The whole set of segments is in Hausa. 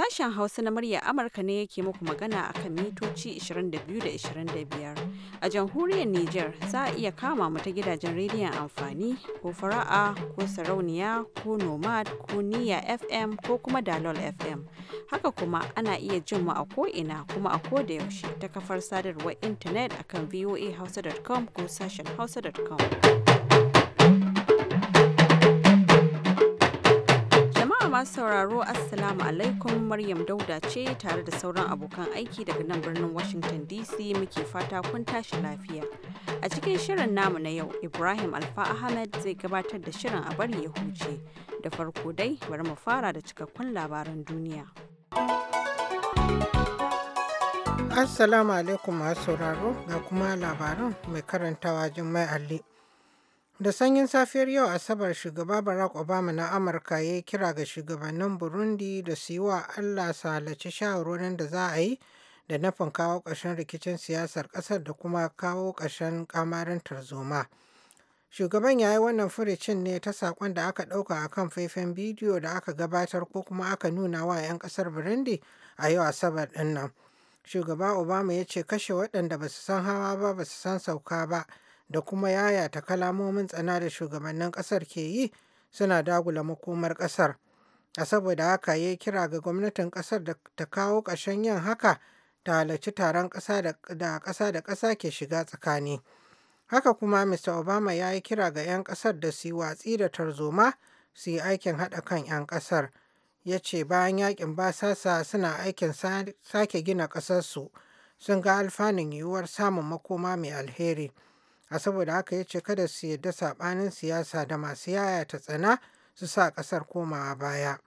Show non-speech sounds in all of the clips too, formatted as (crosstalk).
Sashen Hausa na murya Amurka ne yake muku magana a kan mitoci 22 da 25. A jamhuriyar niger za a iya kama mu ta gidajen rediyon amfani ko fara'a ko sarauniya ko nomad ko niya FM ko kuma dalol FM. Haka kuma ana iya jin mu a ko'ina kuma a koda yaushe ta kafar sadarwar intanet akan voahausa.com ko sashen hausa.com. sauraro Assalamu alaikum Maryam Dauda ce tare da sauran abokan aiki daga nan birnin Washington DC muke fata kun tashi lafiya. A cikin shirin namu na yau, Ibrahim Alfa Ahmed zai gabatar da shirin a bari ya huce. Da farko dai, bari mu fara da cikakkun labaran duniya. Assalamu alaikum masu sauraro ga kuma labaran mai karantawa Jummai Alli. Da sanyin safiyar yau Asabar shugaba Barack Obama na Amurka ya yi kira ga shugabannin Burundi da su yi wa Allah Salace halarci da za a yi da nufin kawo ƙarshen rikicin siyasar ƙasar da kuma kawo ƙarshen kamarin tarzoma. Shugaban ya yi wannan furicin ne ta saƙon da aka ɗauka a kan faifan bidiyo da aka gabatar ko kuma aka nuna wa 'yan ƙasar Burundi a yau Asabar ɗin Shugaba Obama ya ce kashe waɗanda ba su san hawa ba ba su san sauka ba. da kuma yayata kalamomin tsana da shugabannin ƙasar ke yi suna dagula makomar ƙasar. A saboda haka ya kira ga gwamnatin ƙasar da ta kawo ƙarshen yin haka ta halarci taron ƙasa da ƙasa da ƙasa ke shiga tsakani. Haka kuma Mr. Obama ya yi kira ga 'yan ƙasar da su yi watsi da tarzoma su yi aikin haɗa kan 'yan ƙasar. Ya ce bayan yakin basasa suna aikin sake gina ƙasarsu sun ga alfanun yiwuwar samun makoma mai alheri. a saboda haka ya ce kada su yarda saɓanin siyasa da masu yaya ta tsana su sa ƙasar komawa baya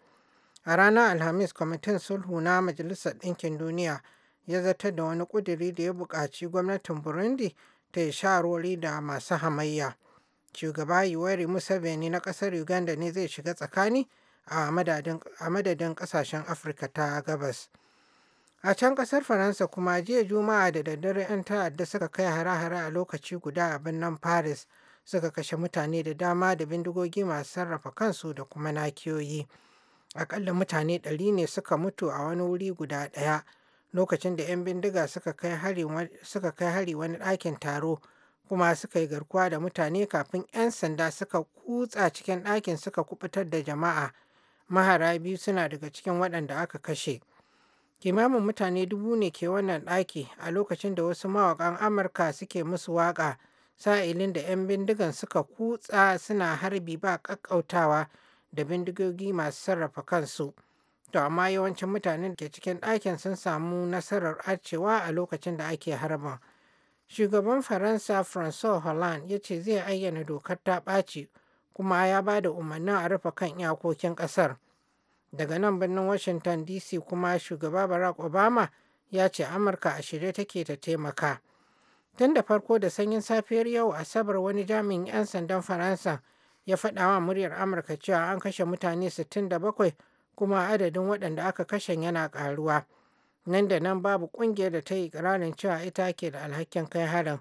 a ranar alhamis kwamitin sulhu na majalisar ɗinkin duniya ya zata da wani ƙuduri da ya buƙaci gwamnatin burundi ta yi sharori da masu hamayya shugaba yuwari museveni na ƙasar uganda ne zai shiga tsakani a madadin ƙasashen afirka ta gabas. A can ƙasar Faransa kuma jiya Juma'a da daddare 'yan ta'adda suka kai hare-hare a lokaci guda a birnin Paris suka kashe mutane da dama da bindigogi masu sarrafa kansu da kuma nakiyoyi. Akalla mutane ɗari ne suka mutu a wani wuri guda ɗaya lokacin da 'yan bindiga suka kai hari wani ɗakin taro kuma suka yi garkuwa da mutane kafin 'yan sanda suka kutsa cikin ɗakin suka kubutar da jama'a. Mahara biyu suna daga cikin waɗanda aka kashe. Kimamin mutane dubu ne ke wannan ɗaki a lokacin da wasu mawaƙan Amurka suke musu waƙa sa'ilin da 'yan bindigan suka kutsa suna harbi ba ƙaƙƙautawa da bindigogi masu sarrafa kansu. To amma yawancin mutanen da ke cikin ɗakin sun samu nasarar arcewa a lokacin da ake harba. Shugaban Faransa François Hollande ya ce zai ayyana dokar ta ɓaci kuma ya ba da umarnin a rufe kan iyakokin ƙasar. daga nan birnin washington dc kuma shugaba barack obama ya ce amurka a shirye take ta taimaka tun da farko da sanyin safiyar yau asabar wani jami'in 'yan sandan faransa ya faɗa wa muryar amurka cewa an kashe mutane 67 kuma adadin waɗanda aka kashe yana ƙaruwa nan da nan babu ƙungiyar da ta yi ƙirarin cewa ita ke da alhakin kai harin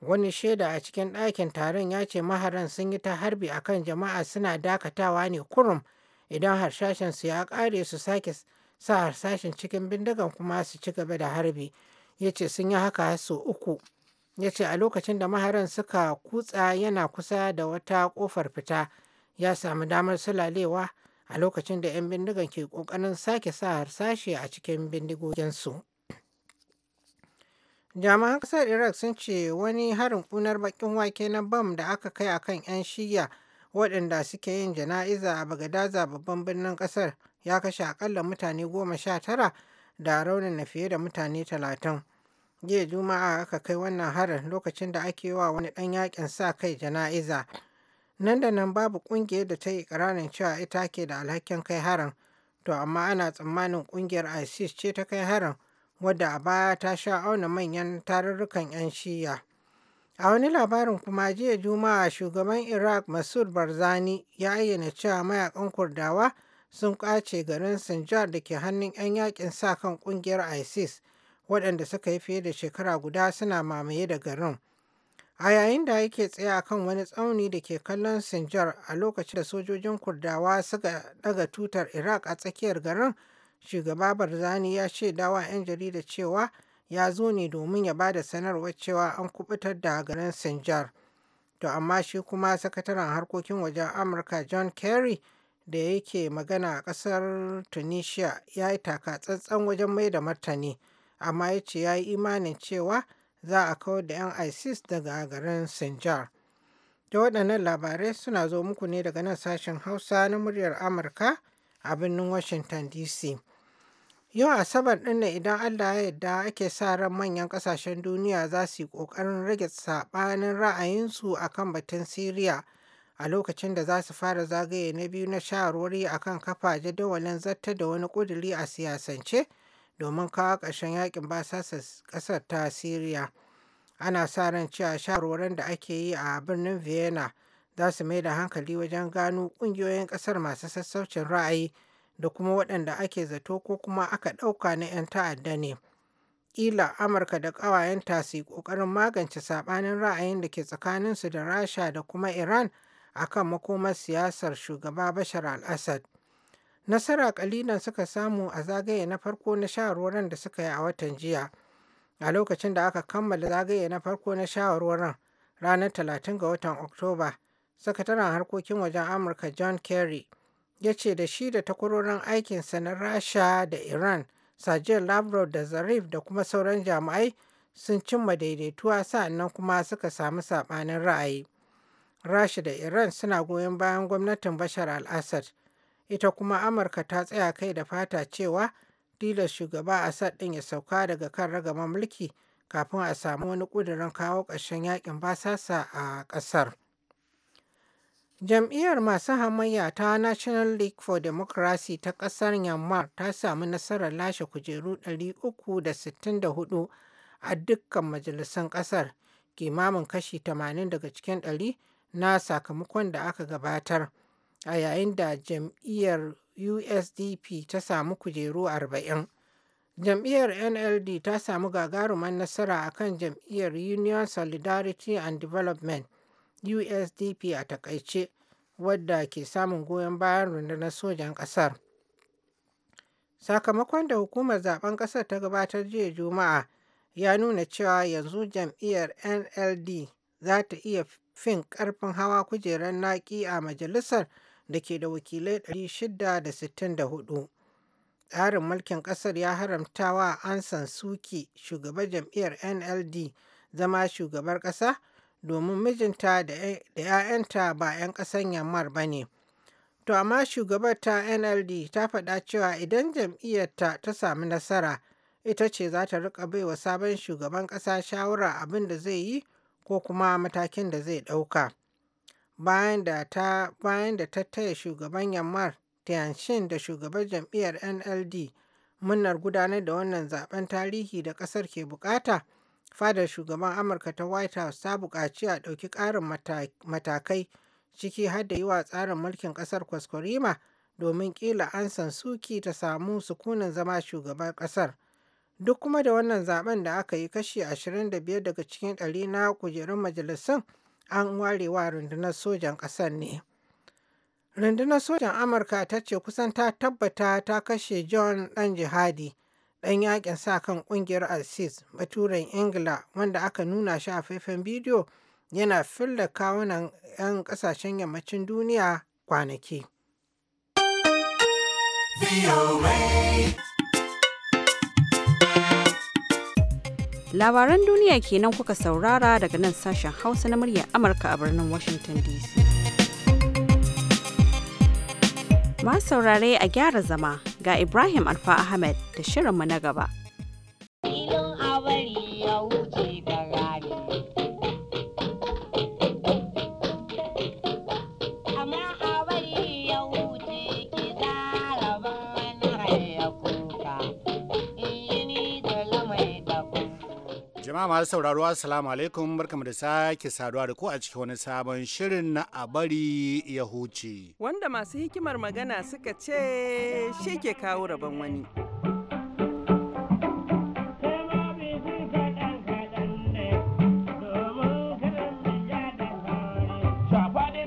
wani shaida a cikin ɗakin taron ya ce maharan sun yi ta harbi akan jama'a suna dakatawa ne kurum Idan harsashen su ya ƙare su sake sa harsashen cikin bindigan kuma su ci gaba da harbi. Ya ce sun yi haka har uku. Ya ce a lokacin da maharan suka kutsa yana kusa da wata ƙofar fita ya samu damar sulalewa a lokacin da 'yan bindigan ke ƙoƙarin sake sa harsashe a cikin bindigoginsu. Jami'an ƙasar Iraq sun ce wani harin ƙunar baƙin wake na bam da aka kai akan 'yan shiya waɗanda suke yin jana'iza a Bagadaza babban birnin ƙasar ya kashe akalla mutane goma sha tara da raunin na fiye da mutane talatin. Jiya Juma'a aka kai wannan harin lokacin da ake wa wani ɗan yakin sa kai jana'iza. Nan da nan babu ƙungiyar da ta yi ƙirarin cewa ita ke da alhakin kai harin, to amma ana tsammanin ƙungiyar ISIS ce ta kai harin wadda a baya ta sha auna manyan tarurrukan 'yan shiya. A wani labarin kuma jiya Juma'a shugaban Iraq Masud Barzani ya ayyana cewa mayakan Kurdawa sun ƙwace garin Sinjar da ke hannun 'yan yakin sa kan ƙungiyar ISIS waɗanda suka yi fiye da shekara guda suna mamaye da garin. A yayin da yake tsaye a kan wani tsauni da ke kallon Sinjar a lokacin da sojojin Kurdawa suka daga tutar Iraq a tsakiyar garin, shugaba Barzani ya shaidawa 'yan jarida cewa ya zo ne domin ya ba da sanarwar cewa an kubutar da garin Sinjar. To amma shi kuma sakataren harkokin wajen Amurka John Kerry da yake magana a ƙasar Tunisia ya yi taka tsantsan wajen mai da martani, amma ya ce ya yi imanin cewa za a kawar da 'yan ISIS daga garin Sinjar. Da waɗannan labarai suna zo muku ne daga nan sashen Hausa na muryar Amurka a birnin Washington DC. Yau Asabar ɗin ne idan Allah ya yarda ake sa ran manyan ƙasashen duniya za su yi ƙoƙarin rage saɓanin ra'ayinsu a kan batun Siriya a lokacin da za su fara zagaye na biyu na shawarwari a kan kafa jadawalin zatta da wani ƙuduri a siyasance domin kawo ƙarshen yakin basasa ƙasar ta Siriya. Ana sa ran cewa shawarwarin da ake yi a birnin Vienna za su mai da hankali wajen gano ƙungiyoyin ƙasar masu sassaucin ra'ayi da kuma waɗanda ake zato ko kuma aka ɗauka na 'yan ta'adda ne. Ƙila Amurka da ƙawayen tasi ƙoƙarin magance saɓanin ra'ayin da ke tsakaninsu da Rasha da kuma Iran a kan makomar siyasar shugaba Bashar al-Assad. Nasara ƙalilan suka samu a zagaye na farko na shawarwaran da suka yi a watan jiya. A lokacin da aka kammala zagaye na farko na shawarwaran ranar 30 ga watan Oktoba, Sakataren harkokin wajen Amurka John Kerry ya ce da shi da takwarorin aikinsa na rasha da iran sajil lavrov da zarif da kuma sauran jami'ai sun cimma daidaituwa sa'annan kuma suka samu saɓanin ra'ayi rasha da iran suna goyon bayan gwamnatin bashar al-assad ita kuma amurka ta tsaya kai da fata cewa dilar shugaba assad ɗin ya sauka daga kan ragama mulki kafin a samu wani ƙudurin kawo ƙarshen yakin basasa a ƙasar. Jam'iyyar masu hamayya ta National League for Democracy ta ƙasar Myanmar ta samu nasarar lashe kujeru 364 a dukkan majalisun ƙasar, kimamin kashi 80 daga cikin ɗari na sakamakon da aka gabatar, a yayin da jam'iyyar USDP ta samu kujeru 40. Jam'iyyar NLD ta samu gagarumar nasara a kan jam'iyyar Union Solidarity and Development USDP a takaice wadda ke samun goyon bayan rundunar sojan ƙasar. Sakamakon da hukumar zaben ƙasar ta gabatar jiya Juma'a ya nuna cewa yanzu jam'iyyar NLD za ta iya fin ƙarfin hawa kujerar naki a majalisar da ke da wakilai 664. Tsarin mulkin ƙasar ya haramtawa Ansan Suki shugaban jam'iyyar NLD zama shugabar ƙasa domin mijinta da 'ya'yanta ba 'yan ƙasar yammar ba ne. To amma shugabar ta NLD ta faɗa cewa idan jam'iyyarta ta sami nasara ita ce za ta riƙa baiwa sabon shugaban ƙasa shawara abin da zai yi ko kuma matakin da zai ɗauka. Bayan da ta bayan da ta taya shugaban Yammar Tianshin da shugaban jam'iyyar NLD munnar gudanar da wannan zaben tarihi da ƙasar ke buƙata. fadar shugaban amurka ta white house ta buƙaci a ɗauki ƙarin matakai ciki har da yi wa tsarin mulkin ƙasar kwaskwarima domin ƙila an san suki ta samu sukunin zama shugaban ƙasar duk kuma da wannan zaben da aka yi kashi 25 daga cikin ɗari na kujerun majalisun an warewa rundunar sojan ƙasar ne rundunar sojan amurka ta ce kusan ta tabbata ta kashe john ɗan jihadi ɗan yakin sa kan ƙungiyar alsis baturen ingila wanda aka nuna shi a faifan bidiyo yana filla kawunan 'yan ƙasashen yammacin duniya kwanaki labaran duniya kenan kuka saurara daga nan sashen hausa na muryar amurka a birnin washington dc masu saurare a gyara zama Ga Ibrahim Alfa Ahmed da shirinmu na gaba. Jama'a masu sauraro Assalamu alaikum barkamu da sake saduwa da ku a cikin wani sabon shirin na a bari ya huce. Wanda masu hikimar magana suka ce shi ke kawo rabon wani. Shafa ne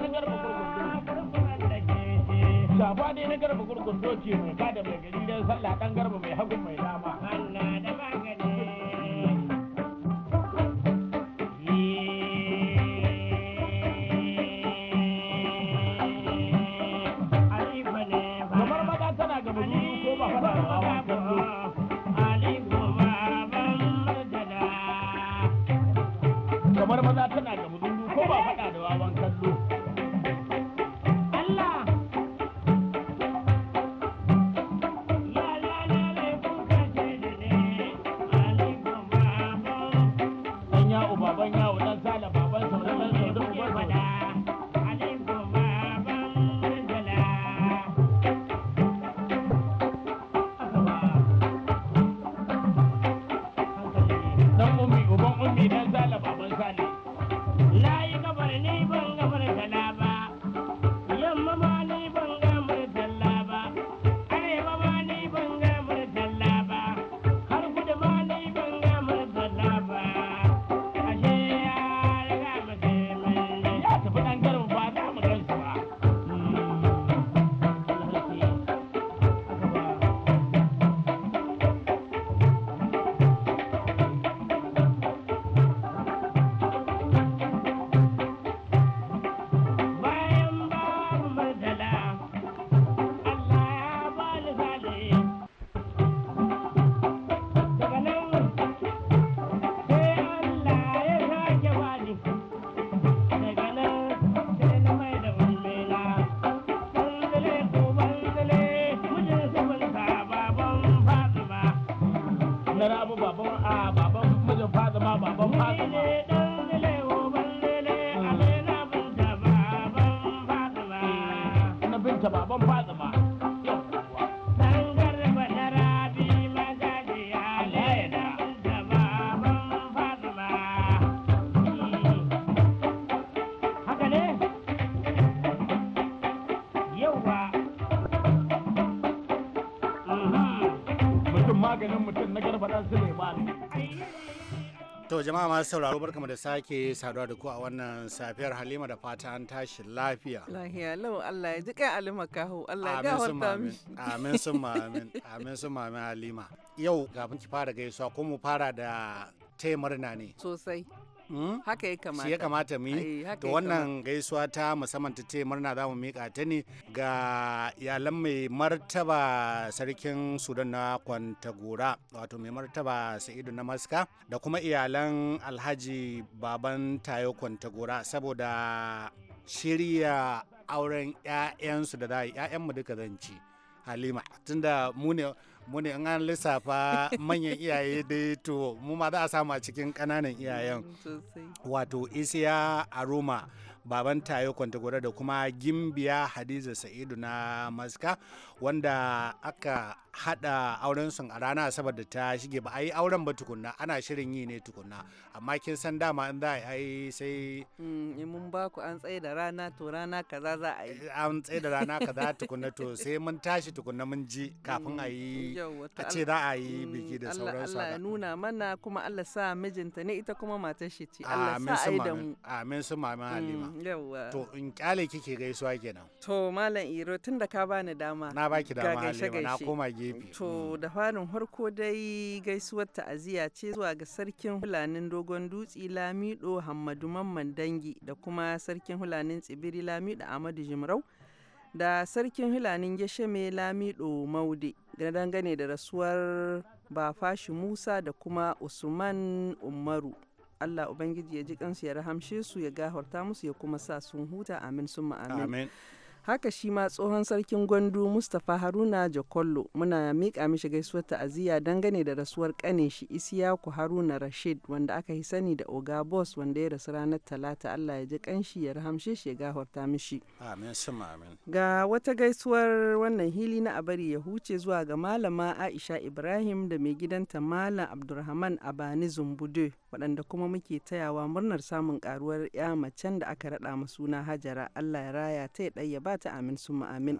na garba gurgun doce mai kada mai gari don sallah dan garba mai hagun To jama'a masu sauraro barkamu da sake saduwa da ku a wannan safiyar Halima da fata an tashi lafiya. Lafiya lau Allah ya ji kai Alima kahu Allah ya gafarta mi. Amin sun ma'amin, (laughs) amin sun ma'amin Halima. Yau kafin ki fara gaisuwa ko mu fara da na ne. Sosai. Hmm? haka ya kamata shi ya kamata mi. to wannan gaisuwa ta musamman ta ce murna za mu mika ta ne ga iyalan mai martaba sarkin sudan na kwantagora wato mai martaba sa'idu na maska da kuma iyalan alhaji baban tayo kwantagora saboda shirya auren 'ya'yansu da za a yi 'ya'yanmu duka zan ci halima tunda mu ne muni in an lissafa manyan iyaye dai to mu ma za a samu a cikin kananan iyayen mm, wato isiya aroma baban tayo kwantagore da kuma gimbiya hadiza sa'idu na maska wanda aka hada auren sun a rana asabar da ta shige ba a yi auren ba tukunna ana shirin yi ne tukunna amma kin san dama in za a yi sai mm, in mun ba ku an tsaye da rana to rana kaza za a yi an tsaye da rana kaza (laughs) tukunna to sai mun tashi tukunna mun ji kafin a yi mm, a ce za a yi biki da mm, sauran su Allah nuna mana kuma Allah sa mijinta ne ita kuma matar shi ce Allah sa a yi da mu amin su mama Halima yawa to in kyale kike gaisuwa kenan to malam Iro tunda ka bani dama na baki dama Halima na koma gi gefe. To mm. da farin harko dai gaisuwar ta'aziyya ce zuwa ga sarkin hulanin dogon dutsi Lamido Hammadu Mamman Dangi da kuma sarkin hulanin tsibiri Lamido Ahmadu Jimrau da sarkin hulanin Gesheme Lamido Maude da dangane da rasuwar Bafashi Musa da kuma Usman Umaru. Allah Ubangiji ya ji kansu ya rahamshe su ya gahorta musu ya kuma sa sun huta amin summa amin. amin. haka shi ma tsohon sarkin gwandu mustapha haruna jakollo muna miƙa mishi gaisuwar ta'aziyya dangane da rasuwar kane shi isiyaku haruna rashid wanda aka yi sani da oga boss wanda ya rasu ranar talata allah ya ji kanshi ya rahamshe shi ya gafarta mishi amin ga wata gaisuwar wannan hili na abari ya huce zuwa ga malama aisha ibrahim da mai gidanta malam abdulrahman abani zumbude waɗanda kuma muke tayawa murnar samun karuwar ya macen da aka raɗa ma suna Hajara Allah ya raya ta ya ɗaya ba ta amin summa amin.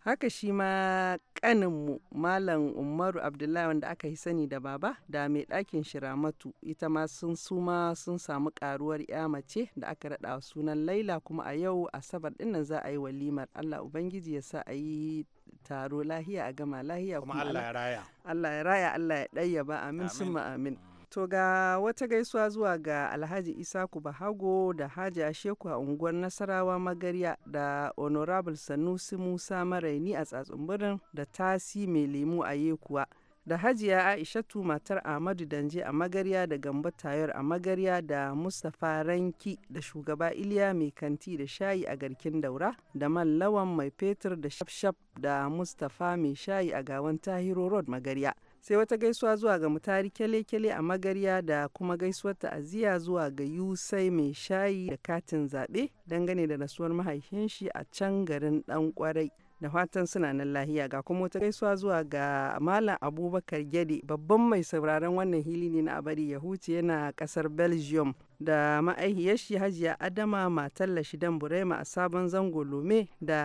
Haka shi ma kaninmu Malam Umaru Abdullahi wanda aka yi sani da baba da mai ɗakin Shiramatu ita ma sun suma sun samu karuwar ya mace da aka raɗa sunan Laila kuma a yau Asabar ɗinnan za a yi walimar Allah Ubangiji ya sa a yi taro lahiya a gama lahiya kuma Allah ya raya Allah ya raya Allah ya ba amin summa amin. To ga wata gaisuwa zuwa ga Alhaji Isaku Bahago da Haji Asheku a unguwar Nasarawa Magarya da Honorable Sanusi Musa Maraini a Tsatsunburin da Tasi Mai Lemu a Yekuwa. Da Hajiya Aishatu matar Ahmadu Danje a Magarya da gamba Tayar a Magarya da Mustapha Ranki da shugaba Iliya Mai Kanti da Shayi a Garkin Daura da man lawan Mai Fetur da Shafshaf da Mustapha Mai Shayi a Gawan Tahiro Road Magarya. sai wata gaisuwa zuwa ga mutari kyale-kyale a magarya da kuma gaisuwar ta'aziyya zuwa ga yusai mai shayi da katin zaɓe dangane da rasuwar mahaifin shi a can garin dan kwarai da fatan suna nan lahiya ga kuma wata gaisuwa zuwa ga malam abubakar gede babban mai sauraron wannan hili ne na abari ya huce yana kasar belgium da ma'aihiyashi hajiya adama matar lashidan burema a sabon zango lome da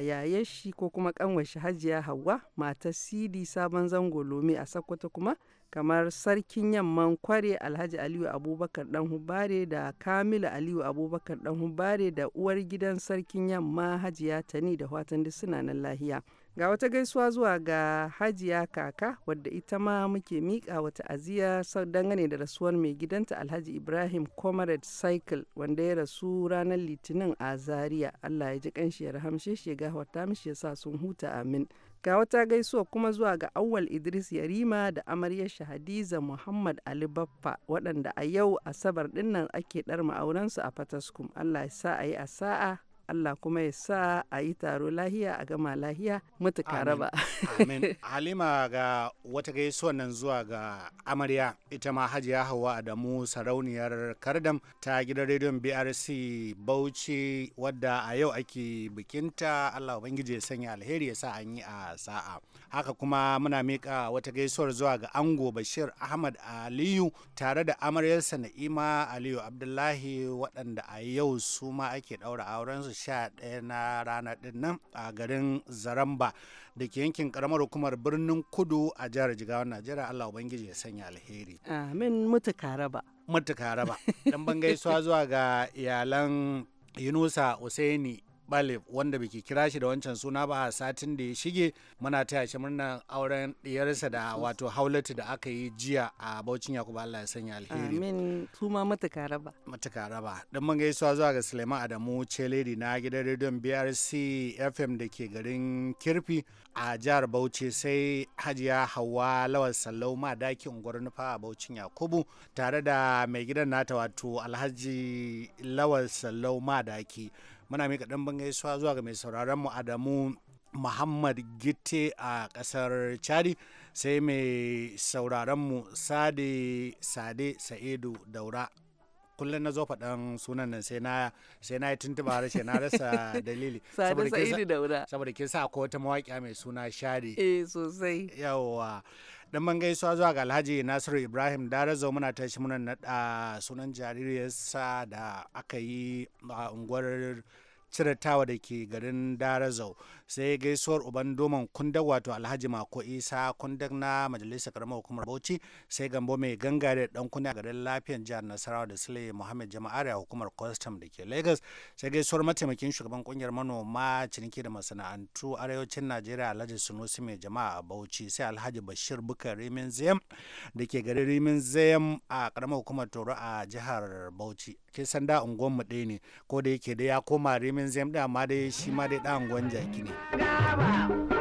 yayashi ko kuma kanwashi hajiya hawa matar sidi sabon zango lome a sakkwato kuma kamar sarkin yamman kware alhaji aliyu abubakar dan hubare da kamilu aliyu abubakar dan hubare da uwar gidan sarkin yamma hajiya tani da watan duk suna nan lahiya Ga wata gaisuwa zuwa ga Hajiya Kaka wadda ita ma muke miƙa wa ta'aziyya dangane da rasuwar mai gidanta Alhaji Ibrahim Comrade Cycle wanda ya rasu ranar Litinin a Zaria. Allah ya ji kanshi ya rahamshe shi ya wata mishi ya sa sun huta amin. Ga wata gaisuwa kuma zuwa ga Awwal Idris Yarima da amaryar shahadiza Muhammad Ali Baffa waɗanda a yau Asabar ɗinnan ake ɗarma aurensu a Fataskum. Allah ya sa a yi a sa'a Allah kuma ya sa a yi taro lahiya a gama lahiya mutuka raba. Amin. (laughs) Halima ga wata gaisuwan nan zuwa ga amarya ita ma hajiya Hauwa Adamu sarauniyar Kardam ta gidan rediyon BRC Bauchi wadda a yau ake bikinta Allah Ubangiji ya sanya alheri ya sa an yi a sa'a. Haka kuma muna mika wata gaisuwar zuwa ga ango Bashir Ahmad Aliyu tare da amaryarsa Na'ima Aliyu Abdullahi waɗanda a yau su ma ake ɗaura auren aurensu 11 na rana din a garin Zaramba da ke yankin karamar hukumar birnin Kudu a jihar Jigawa Najeriya Allah Ubangiji ya sanya alheri. Amin mutuka raba. Mutuka raba. Dan bangai gaisuwa zuwa ga iyalan Yunusa Usaini Balib wanda biki kira shi da wancan suna ba a satin da ya shige muna taya shi murnar auren diyarsa da wato haulatu da aka yi jiya a Baucin Yakubu Allah ya sanya alheri. Amin kuma matuka raba. Matuka raba. Dan mun gaisuwa zuwa ga Suleiman Adamu cheledi na gidan rediyon BRC FM da ke garin Kirfi a jihar Bauchi sai Hajiya Hauwa Lawal Sallau ma daki unguwar nufa a Baucin Yakubu tare da mai gidan nata wato Alhaji Lawal Sallau ma daki. muna mika ɗan gaisuwa zuwa ga mai sauraron mu Adamu Muhammad gite a ƙasar Chadi sai mai sauraron mu Sade Sade Sa'idu Daura kullum na zo faɗan sunan nan sai na sai na yi tuntuba harshe na rasa (laughs) dalili saboda kin sa ko wata mawaƙiya mai suna shari eh sosai yawa dan man gaisuwa zuwa ga Alhaji Nasiru Ibrahim Darazau muna ta shi muna nada sunan jaririyarsa da aka yi a unguwar ciratawa da ke garin Darazau sai gaisuwar uban doman kunda wato alhaji mako isa kundar na majalisar karamar hukumar bauchi sai gambo mai gangare dan kuna garin lafiyar jihar nasarawa da sule muhammad jama'ar a hukumar custom da ke lagos sai gaisuwar mataimakin shugaban kungiyar manoma ciniki da masana'antu arewacin najeriya alhaji sunusi mai jama'a a bauchi sai alhaji bashir bukar rimin zayam da ke garin rimin zayam a karamar hukumar toro a jihar bauchi ke sanda unguwan mu ɗaya ne ko da yake da ya koma rimin zayam ɗin amma dai shi ma dai ɗan unguwan jaki ne Gaba.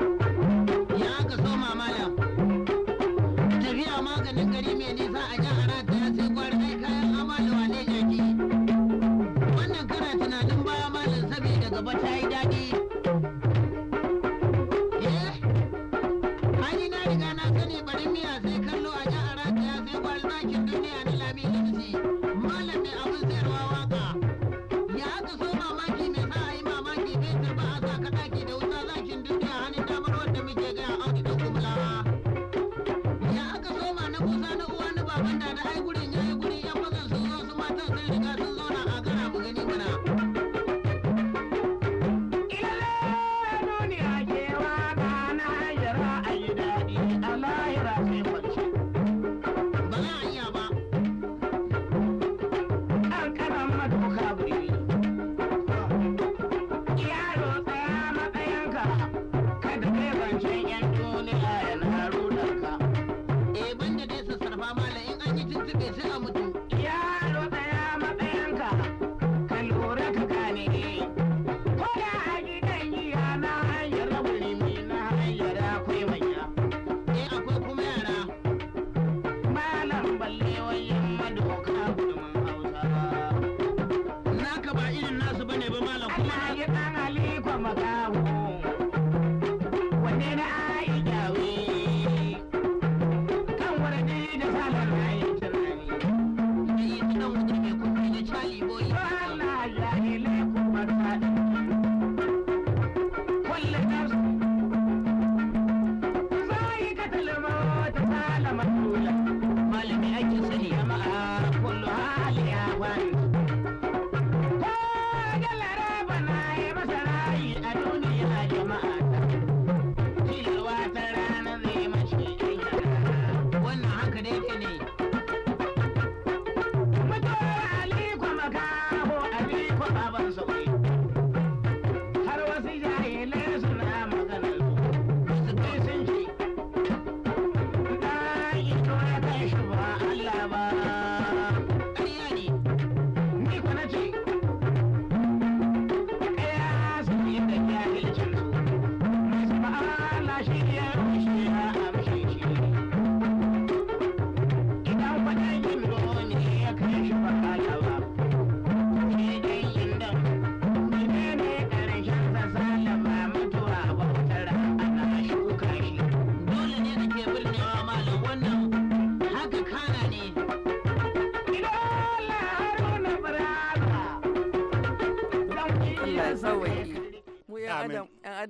língua macaco.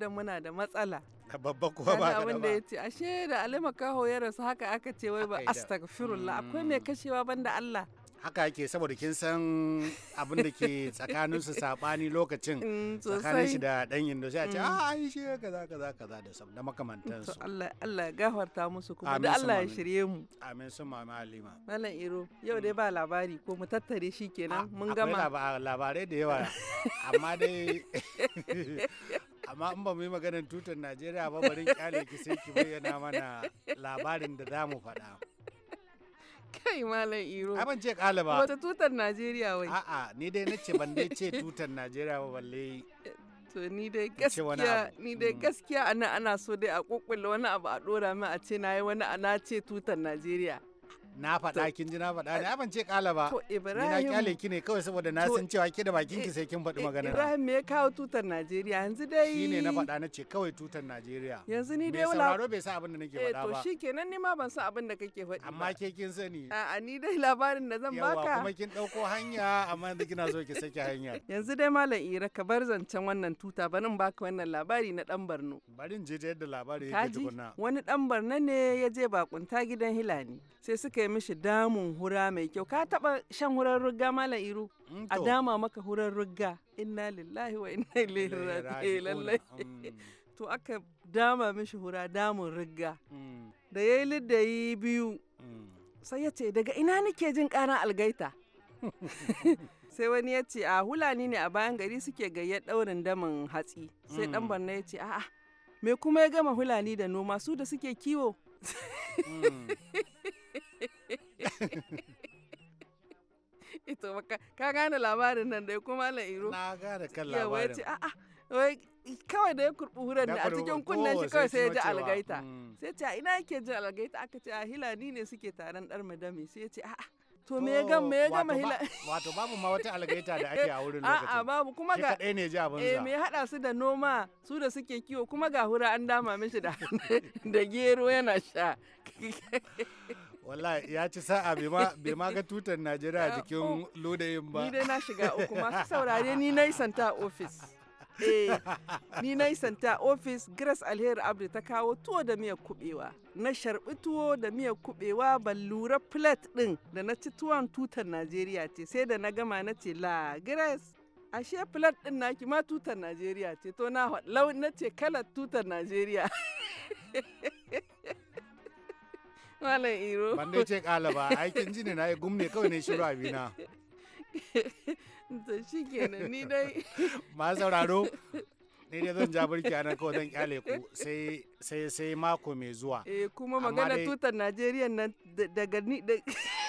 idan muna da matsala (laughs) babba kuwa ba ka da ba. ashe da alima kaho ya rasu haka aka ce wai ba astaghfirullah mm. akwai mai kashewa banda Allah haka yake saboda kin san abin da ke (laughs) tsakanin su sabani lokacin mm, tsakanin shi da dan yindo sai a ce mm. a ah, yi shi kaza kaza kaza da sab da makamantan su Allah Allah gafarta musu kuma da Allah ya shirye mu amin sun ma Halima Malam Iro yau dai ba labari ko mu tattare shi kenan ah, mun gama akwai labarai da yawa amma dai (laughs) amma in ba mu yi maganar tutar najeriya ba barin kyale ki sai ki bayyana mana labarin da za mu faɗa kai malam iro ban ce kala ba wata tutar najeriya wai a'a ni dai nace ban dai ce tutar najeriya ba balle to ni dai gaskiya ni dai mm. gaskiya ana ana so dai a kokkulle wani abu a dora min a ce nayi wani ana ce tutar najeriya na faɗa kin ji na faɗa ne eh, ban ce kala ba to ibrahim Ina kyale ki ne kawai saboda na san cewa ke da bakin ki eh, sai kin faɗi eh, magana ibrahim me ya kawo tutar najeriya yanzu dai shine na faɗa na ce kawai tutar najeriya yanzu ni dai wala sauraro bai san abin da nake faɗa ba to shikenan ni ma ban san abin da kake faɗi amma ke kin sani a ni dai labarin da zan baka yawa kuma kin dauko hanya amma yanzu kina so ki saki hanya (laughs) yanzu dai malam ira ka bar zancen wannan tuta barin baka wannan labari na dan barno barin je da yadda labari yake tukunna wani dan barno ne ya je bakunta gidan hilani sai suka kai mishi damun hura mai kyau ka taba shan hurar rugga mala iru mm, a dama maka hurar rugga inna lillahi wa inna ilaihi raji'un mm. to aka dama mishi hura damun rugga mm. da yayi liddayi biyu sai ya ce daga ina nake jin ƙaran algaita (laughs) sai wani ya ce a hulani ne a bayan gari suke gayyar daurin damin hatsi sai dan barna ya ce a'a me kuma ya gama hulani da noma su da suke kiwo (laughs) (laughs) ito ka gane labarin nan dai kuma la iro na gane kan labarin ya a wai kawai da ya kurɓi wurin da a cikin kunnen shi oh, kawai sai ya ji algaita hmm. sai ce ina yake ji algaita aka ce a hilani ne suke taron dar madami sai ya ce a to me ya gama ya gama (laughs) wato babu ma wata algaita da ake a wurin (laughs) lokacin a'a babu kuma ga kadai ne ji abin eh me ya hada su da noma su da suke kiwo kuma ga hura an dama mishi da da gero yana sha wallahi ya ci sa'a bai ma ga tutar najeriya a jikin oh, lodayin ba ni dai na shiga uku masu saurare ni na santa ofis eh ni na santa ofis grace alheri abdu ta kawo tuwo da miyar kubewa na sharbi tuwo da miyar kubewa ban lura plate din da na ci tuwon tutar najeriya ce sai da na gama na ce la grace ashe plate din naki ma tutar najeriya ce to na ce kalar tutar najeriya (laughs) Malam Iro. Ban dai ce kala ba, aikin ji ne na yi gumne kawai ne shiru abina. Da shi kenan ni dai. (laughs) Ma sauraro, ni dai zan jabar ki a kawai zan kyale ku sai sai sai mako mai zuwa. Eh kuma magana tutar Najeriya nan daga ni da. (laughs)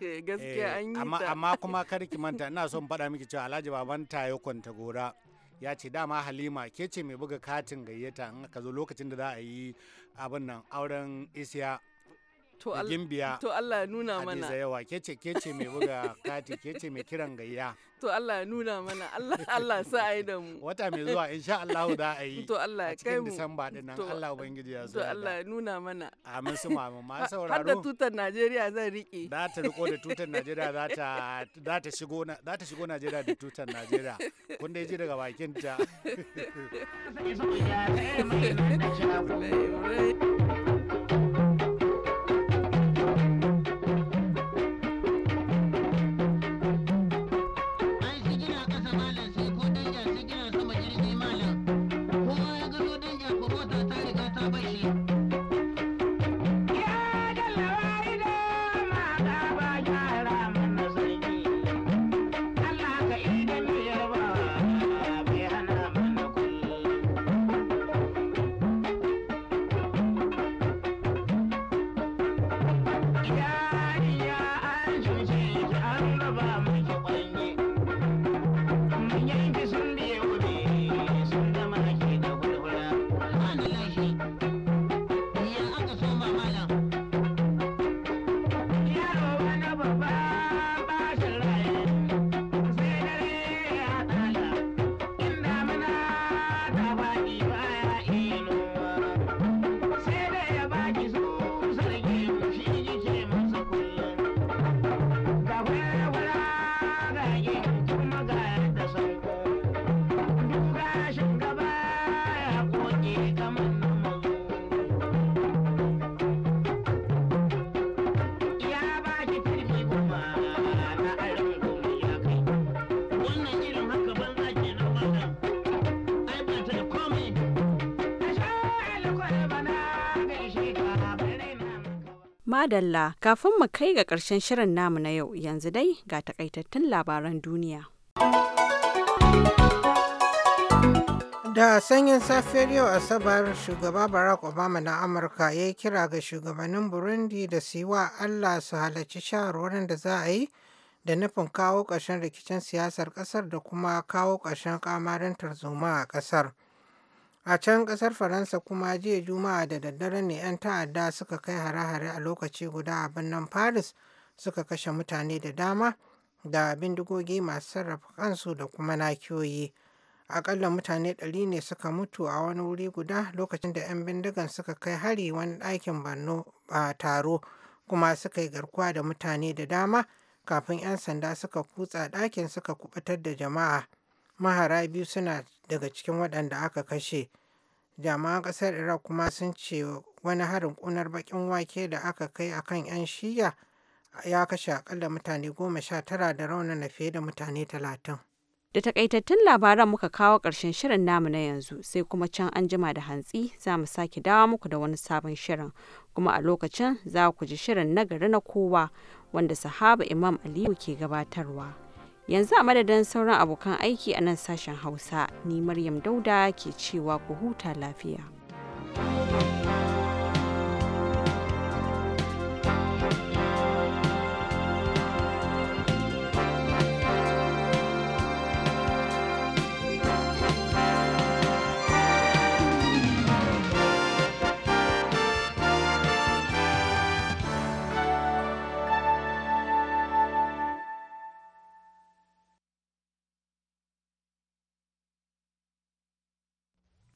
Eh, gaskiya eh, an yi ta. Amma kuma kar ki manta ina son faɗa miki cewa Alhaji baban ta yi kwanta gora ya ce dama halima ke ce mai buga katin gayyata in aka zo lokacin da za a yi abin nan auren isiya to gimbiya Allah nuna mana yawa ke ce ke mai buga (laughs) kati ke ce mai kiran gayya to Allah ya nuna mana Allah Allah sa ai da mu wata mai zuwa insha Allah za a yi to Allah ya kai mu Disamba din nan Allah ubangiji ya zo to Allah ya nuna mana amin su mamu (laughs) ma sauraro har da tutar Najeriya zan rike za ta riko da tutar Najeriya za ta za ta shigo na za ta shigo Najeriya da tutar Najeriya kun dai ji daga bakin ta Thank (laughs) you. Madalla kafin mu kai ga ƙarshen shirin namu na yau yanzu dai ga takaitattun labaran duniya. Da sanyin safiyar yau Asabar shugaba Barack Obama na Amurka ya yi kira ga shugabannin Burundi da siwa Allah su halarci shawarwarin da za a yi da nufin kawo ƙarshen rikicin siyasar ƙasar da kuma kawo ƙarshen kamarin tarzoma a ƙasar. A can ƙasar Faransa kuma jiya Juma'a da daddare ne 'yan ta'adda suka kai hare-hare a lokaci guda a birnin Paris suka kashe mutane da dama da bindigogi masu sarrafa kansu da kuma nakiyoyi. Akalla mutane ɗari ne suka mutu a wani wuri guda lokacin da 'yan bindigan suka kai hari wani ɗakin Borno a taro kuma suka yi garkuwa da mutane da dama kafin 'yan sanda suka kutsa ɗakin suka kubatar da jama'a. mahara biyu suna daga cikin waɗanda aka kashe jami'an ƙasar iraq kuma sun ce wani harin ƙunar bakin wake da aka kai akan 'yan shiya ya kashe akalla mutane goma sha tara da raunana fiye da mutane talatin da takaitattun labaran muka kawo ƙarshen shirin namu na yanzu sai kuma can an jima da hantsi za mu sake dawo muku da wani sabon shirin kuma a lokacin za ku ji shirin nagari na kowa wanda sahaba imam aliyu ke gabatarwa. Yanzu a madadin sauran abokan aiki a nan sashen Hausa, ni Maryam Dauda ke cewa ku huta lafiya. thank you